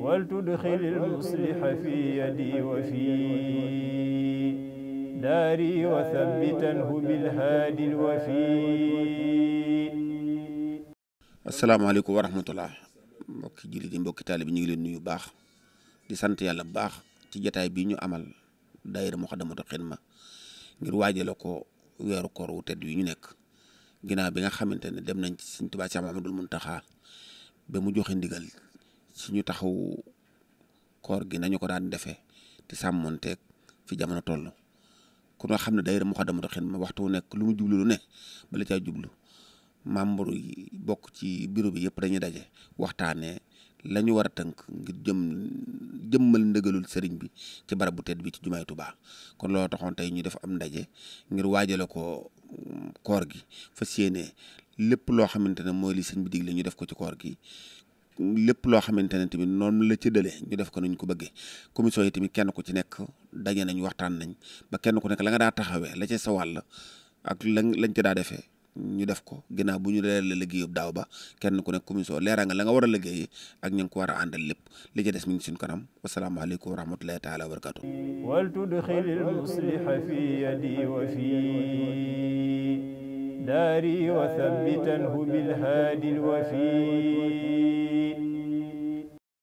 ولتدخل المصلح في يدي وفي داري وثبتنه بالهادي الوفي asalaamaaleykum wa rahmatullah mbokki jullit yi mbokki taalibi ñu ngi leen nuyu baax di sant yàlla bu baax ci jataay bi ñu amal daayira Moukhaddamatoul Khidma ngir waajale ko weeru koor wu wi ñu nekk ginnaaw bi nga xamante ne dem nañ ci Sëriñ Tuubaa Séex Muhammadul Muntaxaa ba mu joxe ndigal suñu taxaw koor gi nañu ko daan defee te sàmmonteeg fi jamono toll ku noo xam ne day daayira Moukhaddamatoul Khidma waxtu nekk lu mu jublu lu ne bala caa jublu membre yi bokk ci bureau bi yëpp dañuy daje waxtaanee lañu ñu war a tënk ngir jëm jëmmal ndëgalul sëriñ bi ci barab bu tedd bi ci jumaay Tuubaa kon loolu taxoon tey ñu def am ndaje ngir waajale ko koor gi fas yéene lépp loo xamante ne mooy li sëñ bi digle ñu def ko ci koor gi lépp loo xamante ne tamit noonu la ci dële ñu def ko nuñ ko bëggee commission yi tamit kenn ku ci nekk daje nañ waxtaan nañ ba kenn ku nekk la nga daa taxawee la ca sa wàll ak lañ lañ ca daa defee ñu def ko ginnaaw bu ñu leer la liggéeyub daaw ba kenn ku nekk commission leeraa nga la nga war a liggéey ak ñu ngi ko war a lépp li ci des mi ngi suñu kanam wasalaamaaleykum wa rahmatullahi taala wa barakaatu wal tudxilil musliha fi yadi wa fi daari wa thabbitanhu bil haadi